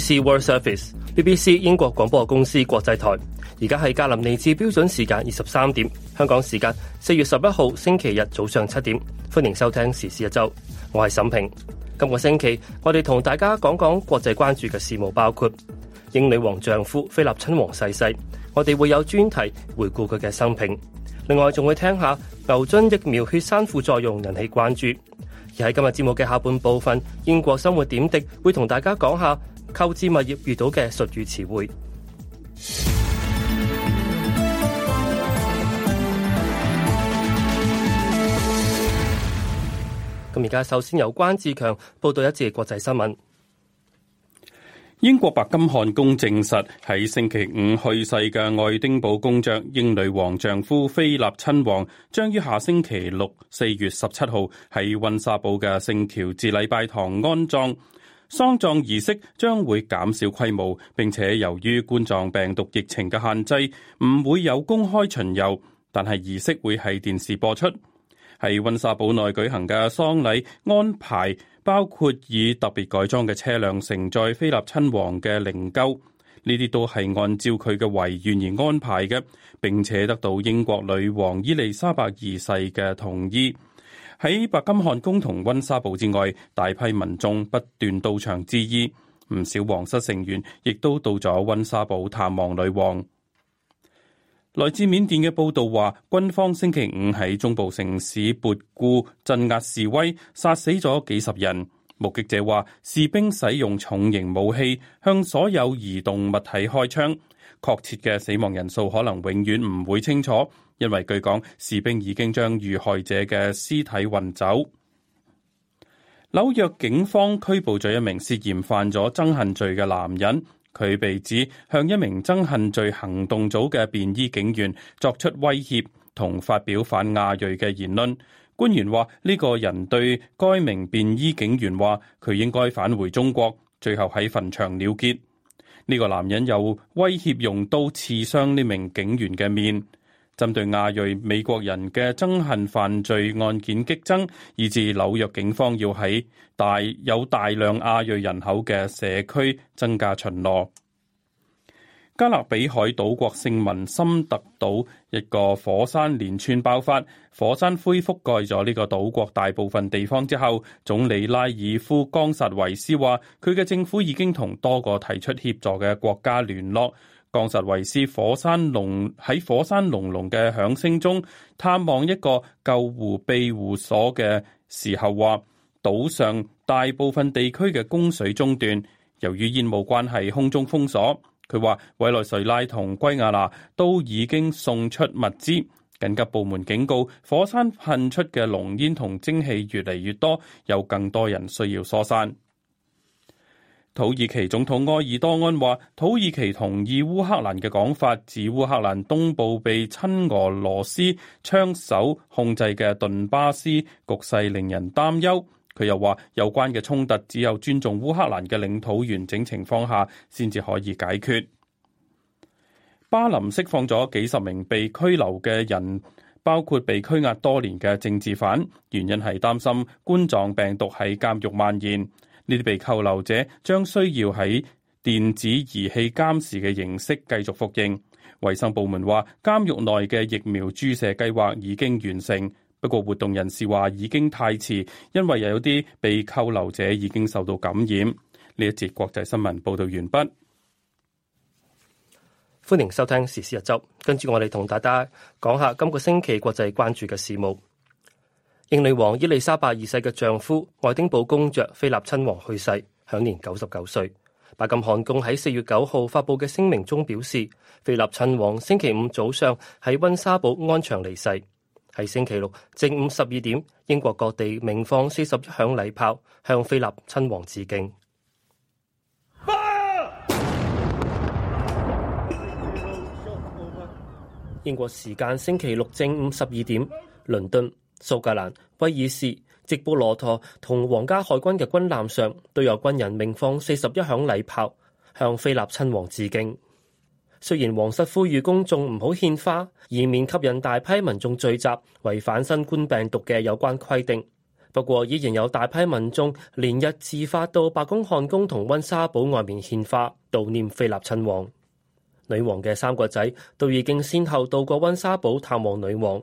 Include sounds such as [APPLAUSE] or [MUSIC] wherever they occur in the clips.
BBC World Service、BBC 英國廣播公司國際台，而家係格林尼治標準時間二十三點，香港時間四月十一號星期日早上七點，歡迎收聽時事一周。我係沈平。今個星期我哋同大家講講國際關注嘅事務，包括英女王丈夫菲臘親王逝世，我哋會有專題回顧佢嘅生平。另外仲會聽下牛津疫苗血栓副作用引起關注。而喺今日節目嘅下半部分，英國生活點滴會同大家講下。購置物業遇到嘅術語詞彙。咁而家首先由關志強報道一節國際新聞。英國白金漢宮證實喺星期五去世嘅愛丁堡公爵英女王丈夫菲臘親王，將於下星期六四月十七號喺温莎堡嘅聖喬治禮拜堂安葬。喪葬儀式將會減少規模，並且由於冠狀病毒疫情嘅限制，唔會有公開巡遊，但係儀式會喺電視播出。喺溫莎堡內舉行嘅喪禮安排包括以特別改裝嘅車輛承載菲臘親王嘅靈柩，呢啲都係按照佢嘅遺願而安排嘅，並且得到英國女王伊麗莎白二世嘅同意。喺白金漢宮同溫莎堡之外，大批民眾不斷到場致意，唔少皇室成員亦都到咗溫莎堡探望女王。來自緬甸嘅報道話，軍方星期五喺中部城市勃固鎮壓示威，殺死咗幾十人。目擊者話，士兵使用重型武器向所有移動物體開槍，確切嘅死亡人數可能永遠唔會清楚。因為據講，士兵已經將遇害者嘅屍體運走。紐約警方拘捕咗一名涉嫌犯咗憎恨罪嘅男人，佢被指向一名憎恨罪行動組嘅便衣警員作出威脅，同發表反亞裔嘅言論。官員話呢個人對該名便衣警員話佢應該返回中國，最後喺墳場了結。呢個男人又威脅用刀刺傷呢名警員嘅面。針對亞裔美國人嘅憎恨犯罪案件激增，以至紐約警方要喺大有大量亞裔人口嘅社區增加巡邏。加勒比海島國聖文森特島一個火山連串爆發，火山灰覆蓋咗呢個島國大部分地方之後，總理拉爾夫·江薩維斯話：佢嘅政府已經同多個提出協助嘅國家聯絡。岡薩維斯火山隆喺火山隆隆嘅響聲中，探望一個救護庇護所嘅時候話，島上大部分地區嘅供水中斷，由於煙霧關係，空中封鎖。佢話委內瑞拉同圭亞那都已經送出物資。緊急部門警告，火山噴出嘅濃煙同蒸汽越嚟越多，有更多人需要疏散。土耳其總統埃爾多安話：土耳其同意烏克蘭嘅講法，指烏克蘭東部被親俄羅斯槍手控制嘅頓巴斯局勢令人擔憂。佢又話：有關嘅衝突只有尊重烏克蘭嘅領土完整情況下，先至可以解決。巴林釋放咗幾十名被拘留嘅人，包括被拘押多年嘅政治犯，原因係擔心冠狀病毒喺監獄蔓延。呢啲被扣留者將需要喺電子儀器監視嘅形式繼續服刑。衛生部門話，監獄內嘅疫苗注射計劃已經完成，不過活動人士話已經太遲，因為又有啲被扣留者已經受到感染。呢一節國際新聞報道完畢，歡迎收聽時事一周，跟住我哋同大家講下今個星期國際關注嘅事務。英女王伊麗莎白二世嘅丈夫愛丁堡公爵菲臘親王去世，享年九十九歲。白金漢宮喺四月九號發佈嘅聲明中表示，菲臘親王星期五早上喺溫莎堡安詳離世。喺星期六正午十二點，英國各地鳴放四十一響禮炮向菲臘親王致敬。啊、英國時間星期六正午十二點，倫敦。蘇格蘭、威爾士、直布羅陀同皇家海軍嘅軍艦上都有軍人鳴放四十一響禮炮，向菲臘親王致敬。雖然皇室呼籲公眾唔好獻花，以免吸引大批民眾聚集，違反新冠病毒嘅有關規定，不過依然有大批民眾連日自發到白金漢宮同温莎堡外面獻花，悼念菲臘親王。女王嘅三個仔都已經先後到過温莎堡探望女王。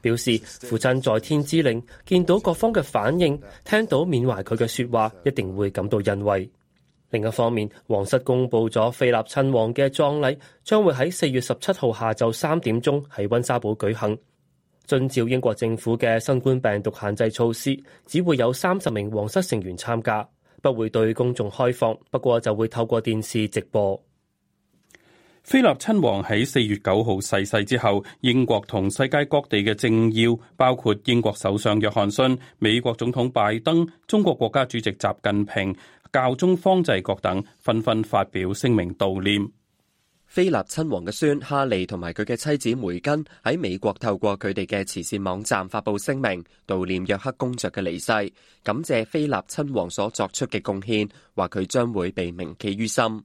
表示父親在天之靈見到各方嘅反應，聽到緬懷佢嘅説話，一定會感到欣慰。另一方面，皇室公布咗菲臘親王嘅葬禮將會喺四月十七號下晝三點鐘喺温莎堡舉行。遵照英國政府嘅新冠病毒限制措施，只會有三十名皇室成員參加，不會對公眾開放，不過就會透過電視直播。菲臘親王喺四月九號逝世之後，英國同世界各地嘅政要，包括英國首相約翰遜、美國總統拜登、中國國家主席習近平、教宗方濟各等，紛紛發表聲明悼念。菲臘親王嘅孫哈利同埋佢嘅妻子梅根喺美國透過佢哋嘅慈善網站發佈聲明悼念約克公爵嘅離世，感謝菲臘親王所作出嘅貢獻，話佢將會被銘記於心。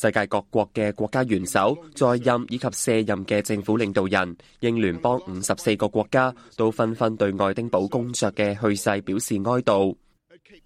世界各國嘅國家元首、在任以及卸任嘅政府領導人，英聯邦五十四個國家都紛紛對愛丁堡公爵嘅去世表示哀悼。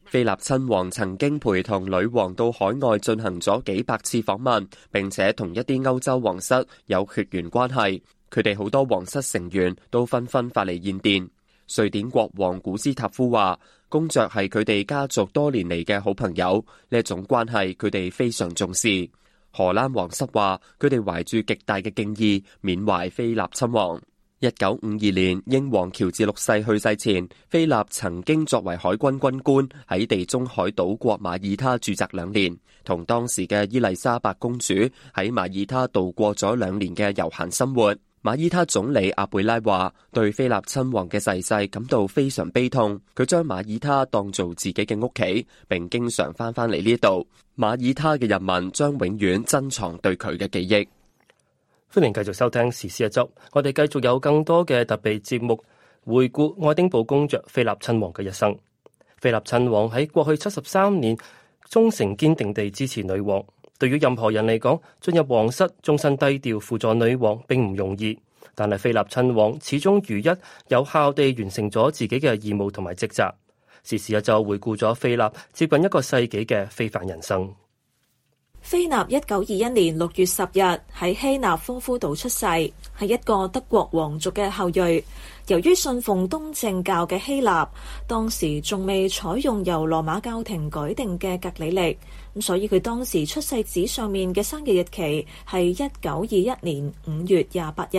菲臘親王曾經陪同女王到海外進行咗幾百次訪問，並且同一啲歐洲皇室有血緣關係。佢哋好多皇室成員都紛紛發嚟唁電。瑞典國王古斯塔夫話：公爵係佢哋家族多年嚟嘅好朋友，呢一種關係佢哋非常重視。荷蘭皇室話：佢哋懷住極大嘅敬意，緬懷菲臘親王。一九五二年，英皇喬治六世去世前，菲臘曾經作為海軍軍官喺地中海島國馬耳他駐紮兩年，同當時嘅伊麗莎白公主喺馬耳他度過咗兩年嘅悠閒生活。馬爾他總理阿貝拉話：，對菲臘親王嘅逝世,世感到非常悲痛。佢將馬爾他當做自己嘅屋企，並經常翻返嚟呢度。馬爾他嘅人民將永遠珍藏對佢嘅記憶。歡迎繼續收聽時事一周，我哋繼續有更多嘅特別節目回顧愛丁堡公爵菲臘親王嘅一生。菲臘親王喺過去七十三年忠誠堅定地支持女王。對於任何人嚟講，進入皇室、終身低調、輔助女王，並唔容易。但係菲臘親王始終如一，有效地完成咗自己嘅義務同埋職責。時事一周回顧咗菲臘接近一個世紀嘅非凡人生。菲臘一九二一年六月十日喺希臘科孚島出世，係一個德國皇族嘅後裔。由於信奉東正教嘅希臘，當時仲未採用由羅馬教廷改定嘅格里曆。咁所以佢當時出世紙上面嘅生日日期係一九二一年五月廿八日。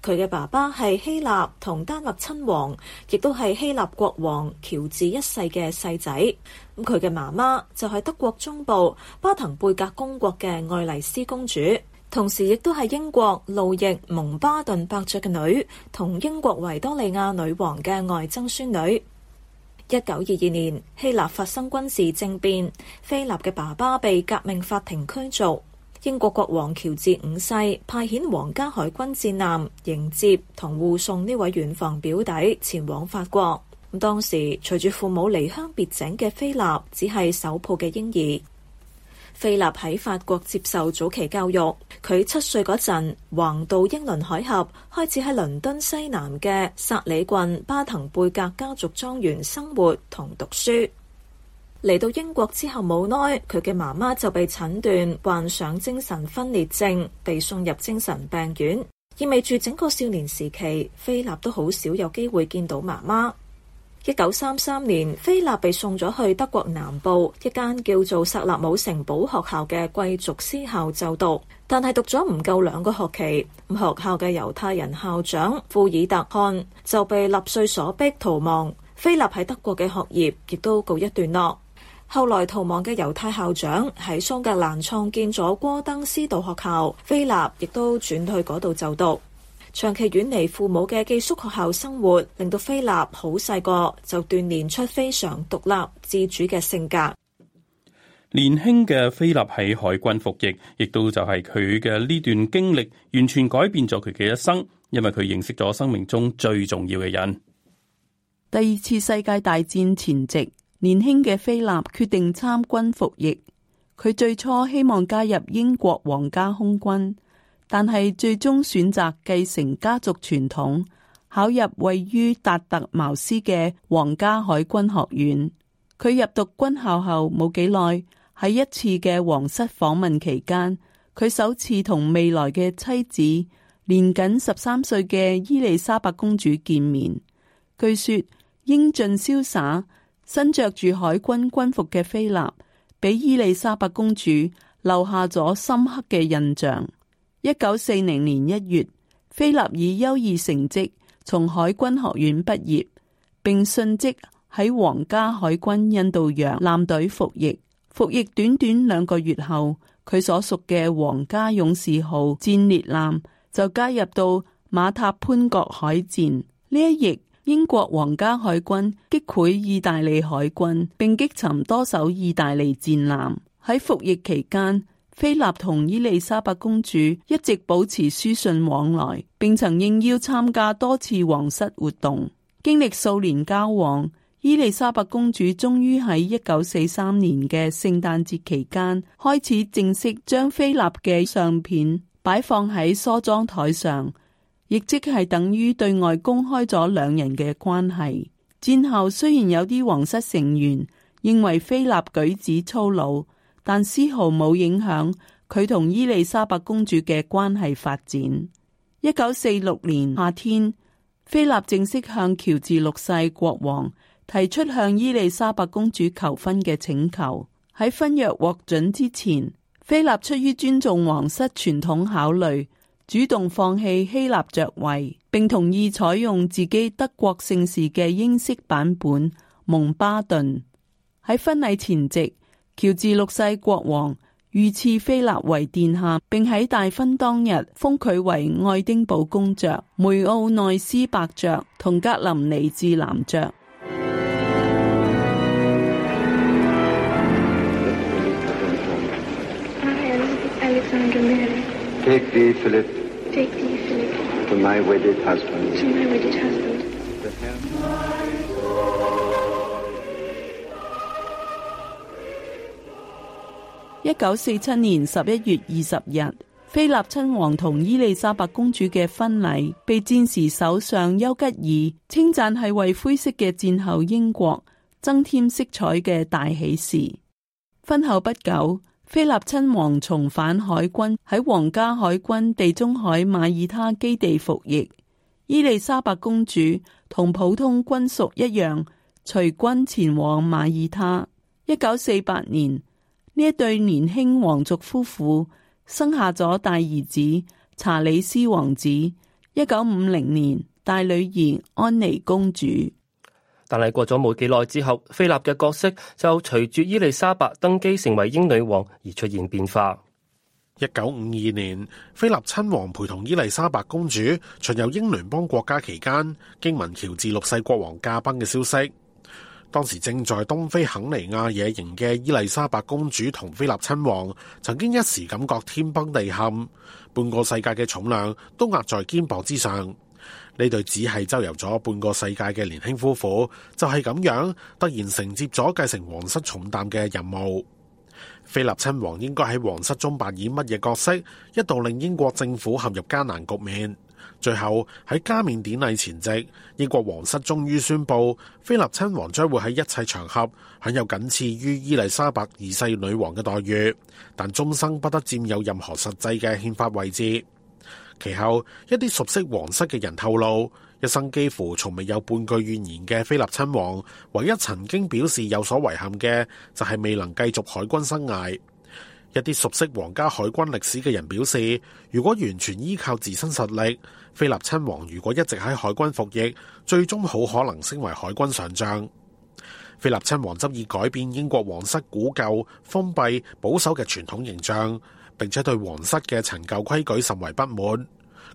佢嘅爸爸係希臘同丹麥親王，亦都係希臘國王喬治一世嘅細仔。佢嘅媽媽就係德國中部巴滕貝格公國嘅愛麗絲公主，同時亦都係英國路易蒙巴頓伯爵嘅女，同英國維多利亞女王嘅外曾孫女。一九二二年，希臘發生軍事政變，菲臘嘅爸爸被革命法庭驅逐。英國國王喬治五世派遣皇家海軍戰艦迎接同護送呢位遠房表弟前往法國。咁當時隨住父母離鄉別井嘅菲臘，只係手抱嘅嬰兒。菲立喺法國接受早期教育，佢七歲嗰陣橫渡英倫海峽，開始喺倫敦西南嘅薩里郡巴滕貝格家族莊園生活同讀書。嚟到英國之後冇耐，佢嘅媽媽就被診斷患上精神分裂症，被送入精神病院，意味住整個少年時期，菲立都好少有機會見到媽媽。一九三三年，菲臘被送咗去德國南部一間叫做薩勒姆城堡學校嘅貴族私校就讀，但係讀咗唔夠兩個學期，學校嘅猶太人校長庫爾特漢就被納粹所逼逃亡，菲臘喺德國嘅學業亦都告一段落。後來逃亡嘅猶太校長喺蘇格蘭創建咗戈登斯道學校，菲臘亦都轉去嗰度就讀。長期遠離父母嘅寄宿學校生活，令到菲臘好細個就鍛煉出非常獨立自主嘅性格。年輕嘅菲臘喺海軍服役，亦都就係佢嘅呢段經歷完全改變咗佢嘅一生，因為佢認識咗生命中最重要嘅人。第二次世界大戰前夕，年輕嘅菲臘決定參軍服役。佢最初希望加入英國皇家空軍。但係最終選擇繼承家族傳統，考入位於達特茅斯嘅皇家海軍學院。佢入讀軍校後冇幾耐，喺一次嘅皇室訪問期間，佢首次同未來嘅妻子年僅十三歲嘅伊麗莎白公主見面。據說英俊瀟灑、身着住海軍軍服嘅菲臘，俾伊麗莎白公主留下咗深刻嘅印象。一九四零年一月，菲臘以優異成績從海軍學院畢業，並迅即喺皇家海軍印度洋艦隊服役。服役短短兩個月後，佢所屬嘅皇家勇士號戰列艦就加入到馬塔潘角海戰呢一役。英國皇家海軍擊潰意大利海軍，並擊沉多艘意大利戰艦。喺服役期間，菲臘同伊麗莎白公主一直保持書信往來，並曾應邀參加多次皇室活動。經歷數年交往，伊麗莎白公主終於喺一九四三年嘅聖誕節期間，開始正式將菲臘嘅相片擺放喺梳妝台上，亦即係等於對外公開咗兩人嘅關係。戰後雖然有啲皇室成員認為菲臘舉止粗魯。但絲毫冇影響佢同伊麗莎白公主嘅關係發展。一九四六年夏天，菲臘正式向喬治六世國王提出向伊麗莎白公主求婚嘅請求。喺婚約獲准之前，菲臘出於尊重皇室傳統考慮，主動放棄希臘爵位，並同意採用自己德國姓氏嘅英式版本蒙巴頓。喺婚禮前夕，喬治六世國王御賜菲臘為殿下，並喺大婚當日封佢為愛丁堡公爵、梅奧內斯伯爵同格林尼治男爵。一九四七年十一月二十日，菲臘親王同伊麗莎白公主嘅婚禮，被戰時首相丘吉爾稱讚係為灰色嘅戰後英國增添色彩嘅大喜事。婚後不久，菲臘親王重返海軍喺皇家海軍地中海馬耳他基地服役。伊麗莎白公主同普通軍屬一樣，隨軍前往馬耳他。一九四八年。呢一對年輕皇族夫婦生下咗大兒子查理斯王子，一九五零年大女兒安妮公主。但係過咗冇幾耐之後，菲臘嘅角色就隨住伊麗莎白登基成為英女王而出現變化。一九五二年，菲臘親王陪同伊麗莎白公主巡遊英聯邦國家期間，驚聞喬治六世國王駕崩嘅消息。當時正在東非肯尼亞野營嘅伊麗莎白公主同菲臘親王，曾經一時感覺天崩地陷，半個世界嘅重量都壓在肩膀之上。呢對只係周遊咗半個世界嘅年輕夫婦，就係咁樣突然承接咗繼承皇室重擔嘅任務。菲臘親王應該喺皇室中扮演乜嘢角色，一度令英國政府陷入艱難局面。最後喺加冕典禮前夕，英國皇室終於宣布，菲立親王將會喺一切場合享有僅次於伊麗莎白二世女王嘅待遇，但終生不得佔有任何實際嘅憲法位置。其後，一啲熟悉皇室嘅人透露，一生幾乎從未有半句怨言嘅菲立親王，唯一曾經表示有所遺憾嘅，就係未能繼續海軍生涯。一啲熟悉皇家海軍歷史嘅人表示，如果完全依靠自身實力，菲臘親王如果一直喺海軍服役，最終好可能升為海軍上將。菲臘親王執意改變英國皇室古舊、封閉、保守嘅傳統形象，並且對皇室嘅陳舊規矩甚為不滿。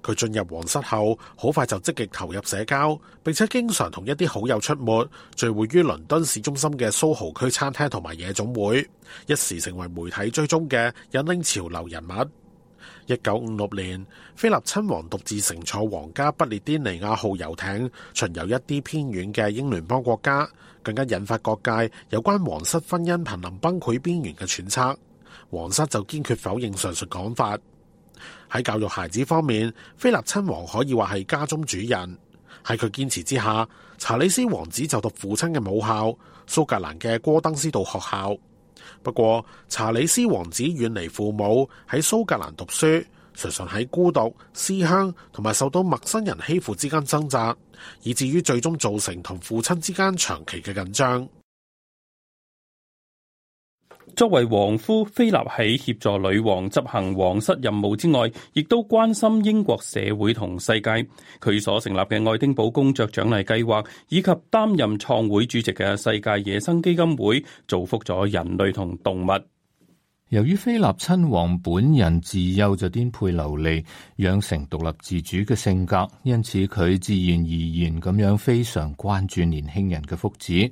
佢進入皇室後，好快就積極投入社交，並且經常同一啲好友出沒，聚會於倫敦市中心嘅蘇豪區餐廳同埋夜總會，一時成為媒體追蹤嘅引領潮流人物。一九五六年，菲臘親王獨自乘坐皇家不列顛尼亞號遊艇巡遊一啲偏遠嘅英聯邦國家，更加引發各界有關皇室婚姻瀕臨崩潰邊緣嘅揣測。皇室就堅決否認上述講法。喺教育孩子方面，菲臘親王可以話係家中主人，喺佢堅持之下，查理斯王子就讀父親嘅母校蘇格蘭嘅戈登斯道學校。不過，查理斯王子遠離父母喺蘇格蘭讀書，常常喺孤獨、思鄉同埋受到陌生人欺負之間掙扎，以至於最終造成同父親之間長期嘅緊張。作為王夫，菲臘喺協助女王執行皇室任務之外，亦都關心英國社會同世界。佢所成立嘅愛丁堡工作獎勵計劃，以及擔任創會主席嘅世界野生基金會，造福咗人類同動物。由於菲臘親王本人自幼就顛沛流離，養成獨立自主嘅性格，因此佢自然而然咁樣非常關注年輕人嘅福祉。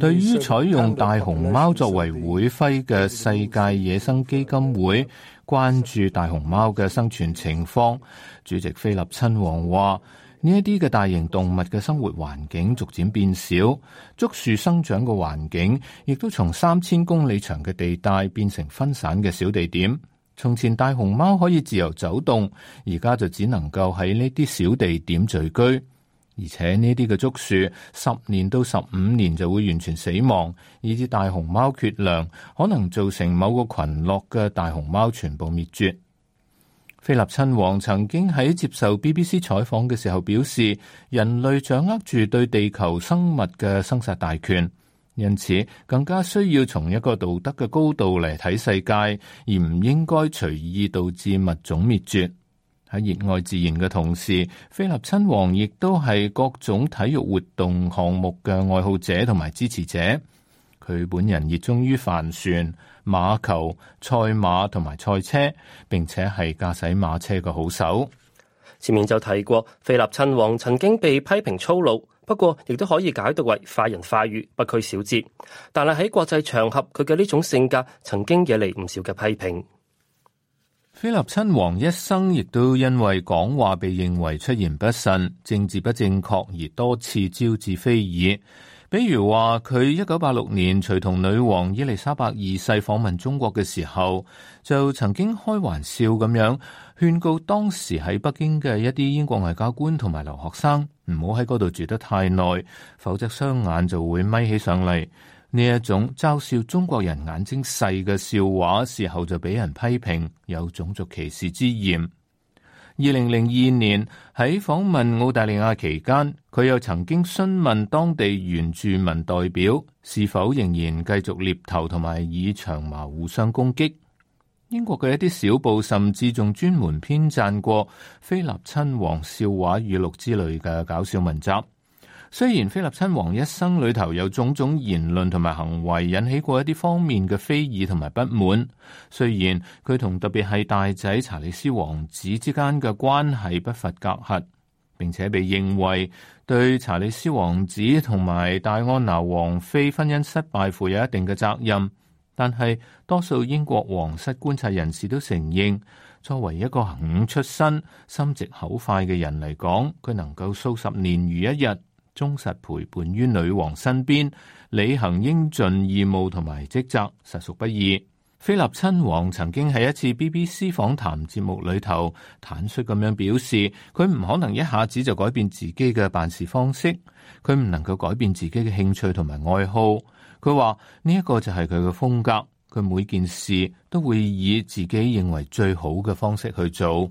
對於採用大熊貓作為會徽嘅世界野生基金會關注大熊貓嘅生存情況，主席菲臘親王話：呢一啲嘅大型動物嘅生活環境逐漸變少，竹樹生長嘅環境亦都從三千公里長嘅地帶變成分散嘅小地點。從前大熊貓可以自由走動，而家就只能夠喺呢啲小地點聚居。而且呢啲嘅竹樹十年到十五年就會完全死亡，以致大熊貓缺糧，可能造成某個群落嘅大熊貓全部滅絕。菲臘親王曾經喺接受 BBC 採訪嘅時候表示，人類掌握住對地球生物嘅生殺大權，因此更加需要從一個道德嘅高度嚟睇世界，而唔應該隨意導致物種滅絕。喺熱愛自然嘅同時，菲臘親王亦都係各種體育活動項目嘅愛好者同埋支持者。佢本人熱衷於帆船、馬球、賽馬同埋賽車，並且係駕駛馬車嘅好手。前面就提過，菲臘親王曾經被批評粗魯，不過亦都可以解讀為快人快語、不拘小節。但係喺國際場合，佢嘅呢種性格曾經惹嚟唔少嘅批評。菲臘親王一生亦都因為講話被認為出言不慎、政治不正確而多次招致非議。比如話佢一九八六年隨同女王伊麗莎白二世訪問中國嘅時候，就曾經開玩笑咁樣勸告當時喺北京嘅一啲英國外交官同埋留學生，唔好喺嗰度住得太耐，否則雙眼就會眯起上嚟。呢一種嘲笑中國人眼睛細嘅笑話，事後就俾人批評有種族歧視之嫌。二零零二年喺訪問澳大利亞期間，佢又曾經詢問當地原住民代表是否仍然繼續獵頭同埋以長矛互相攻擊。英國嘅一啲小報甚至仲專門編撰過《菲臘親王笑話語錄》之類嘅搞笑文集。雖然菲臘親王一生裏頭有種種言論同埋行為引起過一啲方面嘅非議同埋不滿，雖然佢同特別係大仔查理斯王子之間嘅關係不乏隔閡，並且被認為對查理斯王子同埋戴安娜王妃婚姻失敗負有一定嘅責任，但係多數英國皇室觀察人士都承認，作為一個肯出身心直口快嘅人嚟講，佢能夠數十年如一日。忠實陪伴於女王身邊，履行應盡義務同埋職責，實屬不易。菲立親王曾經喺一次 BBC 訪談節目裏頭坦率咁樣表示，佢唔可能一下子就改變自己嘅辦事方式，佢唔能夠改變自己嘅興趣同埋愛好。佢話呢一個就係佢嘅風格，佢每件事都會以自己認為最好嘅方式去做。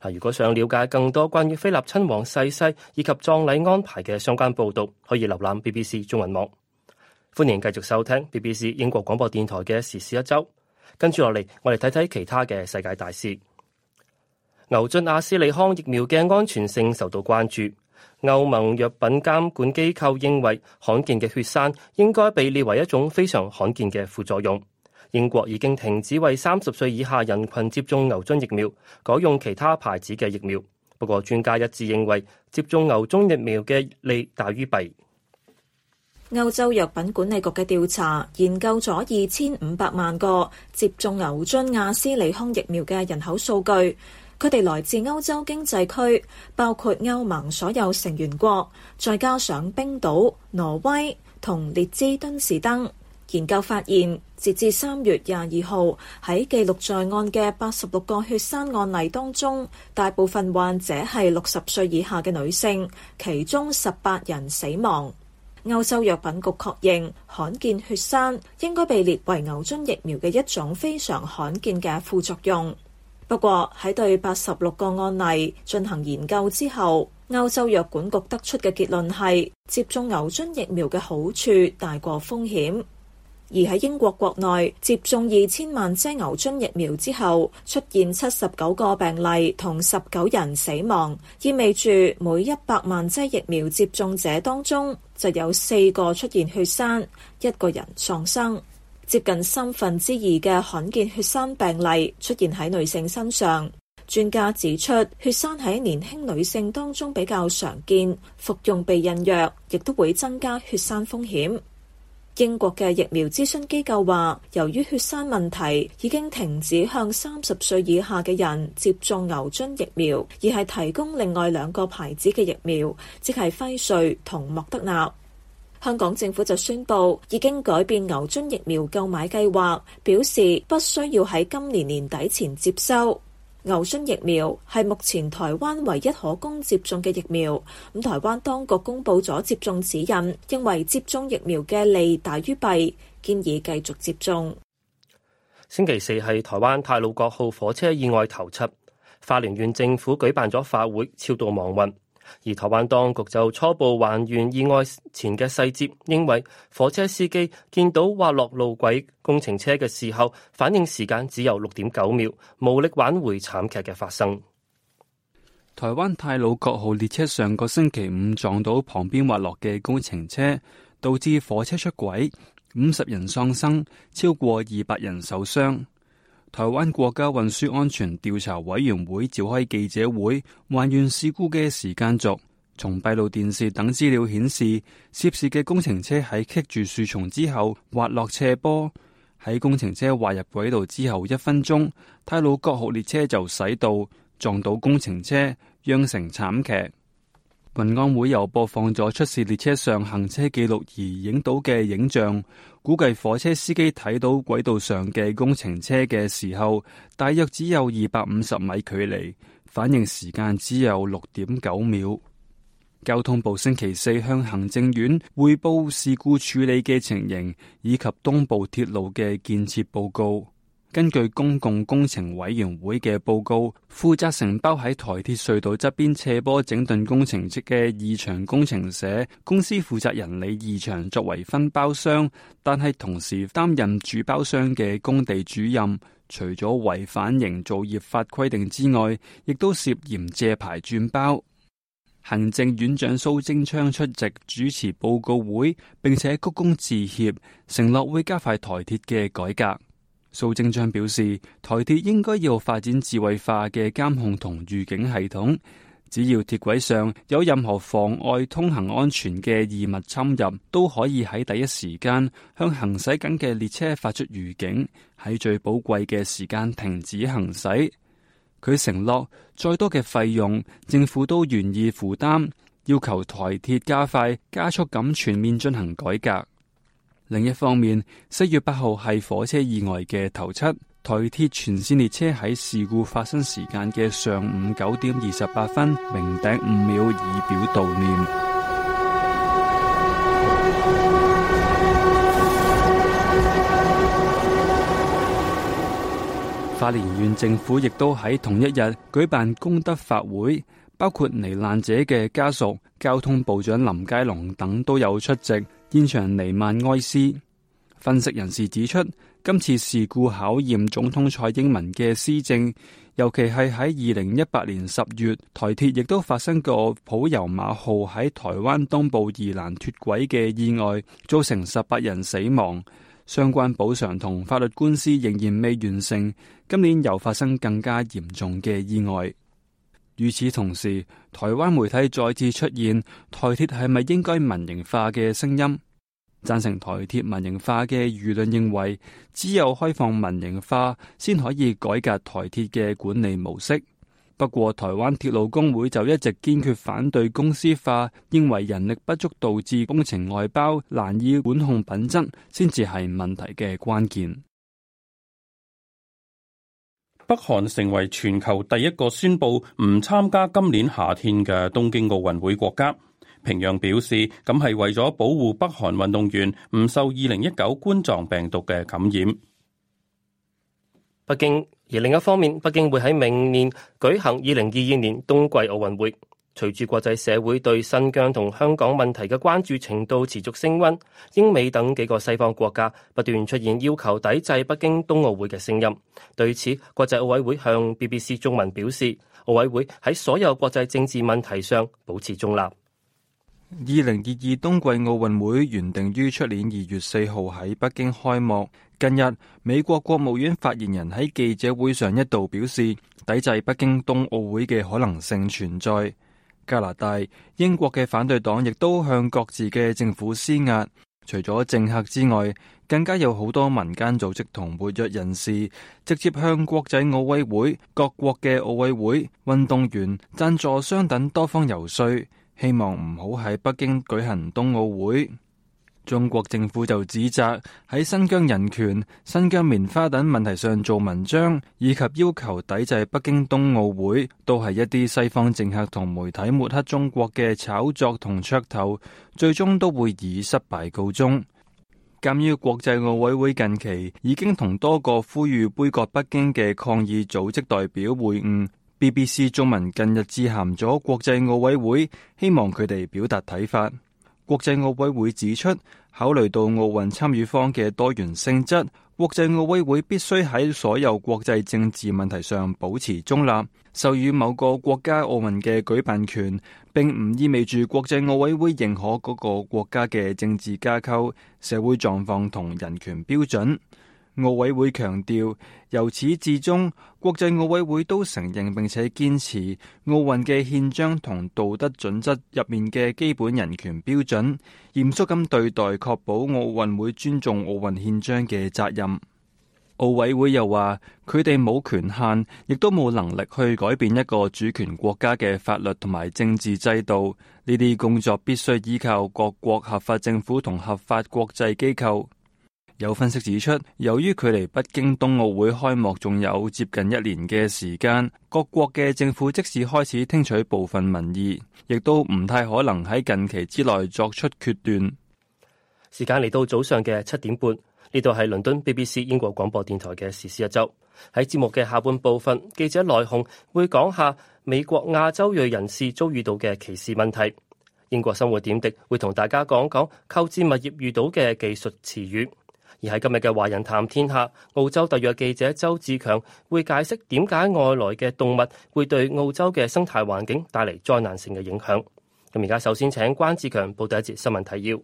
嗱，如果想了解更多關於菲臘親王逝世以及葬禮安排嘅相關報道，可以瀏覽 BBC 中文網。歡迎繼續收聽 BBC 英國廣播電台嘅時事一周。跟住落嚟，我哋睇睇其他嘅世界大事。牛津阿斯利康疫苗嘅安全性受到關注，歐盟藥品監管機構認為罕見嘅血栓應該被列為一種非常罕見嘅副作用。英國已經停止為三十歲以下人群接種牛津疫苗，改用其他牌子嘅疫苗。不過專家一致認為，接種牛津疫苗嘅利大於弊。歐洲藥品管理局嘅調查研究咗二千五百萬個接種牛津亞斯利康疫苗嘅人口數據，佢哋來自歐洲經濟區，包括歐盟所有成員國，再加上冰島、挪威同列支敦士登。研究發現，截至三月廿二號，喺記錄在案嘅八十六個血栓案例當中，大部分患者係六十歲以下嘅女性，其中十八人死亡。歐洲藥品局確認，罕見血栓應該被列為牛津疫苗嘅一種非常罕見嘅副作用。不過喺對八十六個案例進行研究之後，歐洲藥管局得出嘅結論係，接種牛津疫苗嘅好處大過風險。而喺英國國內接種二千萬劑牛津疫苗之後，出現七十九個病例同十九人死亡，意味住每一百萬劑疫苗接種者當中就有四個出現血栓，一個人喪生。接近三分之二嘅罕見血栓病例出現喺女性身上。專家指出，血栓喺年輕女性當中比較常見，服用避孕藥亦都會增加血栓風險。英國嘅疫苗諮詢機構話，由於血栓問題，已經停止向三十歲以下嘅人接種牛津疫苗，而係提供另外兩個牌子嘅疫苗，即係輝瑞同莫德納。香港政府就宣布已經改變牛津疫苗購買計劃，表示不需要喺今年年底前接收。牛津疫苗係目前台灣唯一可供接種嘅疫苗，咁台灣當局公布咗接種指引，認為接種疫苗嘅利大於弊，建議繼續接種。星期四係台灣太魯閣號火車意外頭七，花蓮縣政府舉辦咗法會，超度亡魂。而台灣當局就初步還原意外前嘅細節，認為火車司機見到滑落路軌工程車嘅時候，反應時間只有六點九秒，無力挽回慘劇嘅發生。台灣太魯閣號列車上個星期五撞到旁邊滑落嘅工程車，導致火車出軌，五十人喪生，超過二百人受傷。台灣國家運輸安全調查委員會召開記者會，還原事故嘅時間軸。從閉路電視等資料顯示，涉事嘅工程車喺棘住樹叢之後滑落斜坡。喺工程車滑入軌道之後一分鐘，太魯閣號列車就駛到撞到工程車，釀成慘劇。運安會又播放咗出事列車上行車記錄儀影到嘅影像。估計火車司機睇到軌道上嘅工程車嘅時候，大約只有二百五十米距離，反應時間只有六點九秒。交通部星期四向行政院匯報事故處理嘅情形，以及東部鐵路嘅建設報告。根據公共工程委員會嘅報告，負責承包喺台鐵隧道側邊斜坡整頓工程職嘅義祥工程社公司負責人李義祥，作為分包商，但係同時擔任主包商嘅工地主任，除咗違反營造業法規定之外，亦都涉嫌借牌轉包。行政院長蘇貞昌出席主持報告會，並且鞠躬致歉，承諾會加快台鐵嘅改革。蘇貞昌表示，台鐵應該要發展智慧化嘅監控同預警系統，只要鐵軌上有任何妨礙通行安全嘅異物侵入，都可以喺第一時間向行駛緊嘅列車發出預警，喺最寶貴嘅時間停止行駛。佢承諾再多嘅費用，政府都願意負擔，要求台鐵加快加速咁全面進行改革。另一方面，四月八號係火車意外嘅頭七，台鐵全線列車喺事故發生時間嘅上午九點二十八分鳴笛五秒以表悼念。 [MUSIC] 花蓮縣政府亦都喺同一日舉辦功德法會，包括罹難者嘅家屬、交通部長林佳龍等都有出席。現場瀰漫哀思。分析人士指出，今次事故考驗總統蔡英文嘅施政，尤其係喺二零一八年十月，台鐵亦都發生過普悠瑪號喺台灣東部宜蘭脱軌嘅意外，造成十八人死亡，相關補償同法律官司仍然未完成。今年又發生更加嚴重嘅意外。與此同時，台灣媒體再次出現台鐵係咪應該民營化嘅聲音，贊成台鐵民營化嘅輿論認為，只有開放民營化，先可以改革台鐵嘅管理模式。不過，台灣鐵路工會就一直堅決反對公司化，認為人力不足導致工程外包難以管控品質，先至係問題嘅關鍵。北韓成為全球第一個宣布唔參加今年夏天嘅東京奧運會國家。平壤表示，咁係為咗保護北韓運動員唔受二零一九冠狀病毒嘅感染。北京，而另一方面，北京會喺明年舉行二零二二年冬季奧運會。隨住國際社會對新疆同香港問題嘅關注程度持續升溫，英美等幾個西方國家不斷出現要求抵制北京冬奧會嘅聲音。對此，國際奧委會向 BBC 中文表示，奧委會喺所有國際政治問題上保持中立。二零二二冬季奧運會原定於出年二月四號喺北京開幕。近日，美國國務院發言人喺記者會上一度表示，抵制北京冬奧會嘅可能性存在。加拿大、英國嘅反對黨亦都向各自嘅政府施壓，除咗政客之外，更加有好多民間組織同活躍人士直接向國際奧委會、各國嘅奧委會、運動員、贊助商等多方游說，希望唔好喺北京舉行冬奧會。中國政府就指責喺新疆人權、新疆棉花等問題上做文章，以及要求抵制北京冬奧會，都係一啲西方政客同媒體抹黑中國嘅炒作同噱頭，最終都會以失敗告終。鑒於國際奧委會近期已經同多個呼籲杯葛北京嘅抗議組織代表會晤，BBC 中文近日致函咗國際奧委會，希望佢哋表達睇法。國際奧委會指出，考慮到奧運參與方嘅多元性質，國際奧委會必須喺所有國際政治問題上保持中立，授予某個國家奧運嘅舉辦權，並唔意味住國際奧委會認可嗰個國家嘅政治架構、社會狀況同人權標準。奧委會強調，由始至終，國際奧委會都承認並且堅持奧運嘅憲章同道德準則入面嘅基本人權標準，嚴肅咁對待，確保奧運會尊重奧運憲章嘅責任。奧委會又話，佢哋冇權限，亦都冇能力去改變一個主權國家嘅法律同埋政治制度，呢啲工作必須依靠各國合法政府同合法國際機構。有分析指出，由於距離北京冬奧會開幕仲有接近一年嘅時間，各國嘅政府即使開始聽取部分民意，亦都唔太可能喺近期之內作出決斷。時間嚟到早上嘅七點半，呢度係倫敦 BBC 英國廣播電台嘅時事一周。喺節目嘅下半部分，記者來鴻會講下美國亞洲裔人士遭遇到嘅歧視問題。英國生活點滴會同大家講講購置物業遇到嘅技術詞語。而喺今日嘅《華人談天下》，澳洲特約記者周志強會解釋點解外來嘅動物會對澳洲嘅生態環境帶嚟災難性嘅影響。咁而家首先請關志強報第一節新聞提要。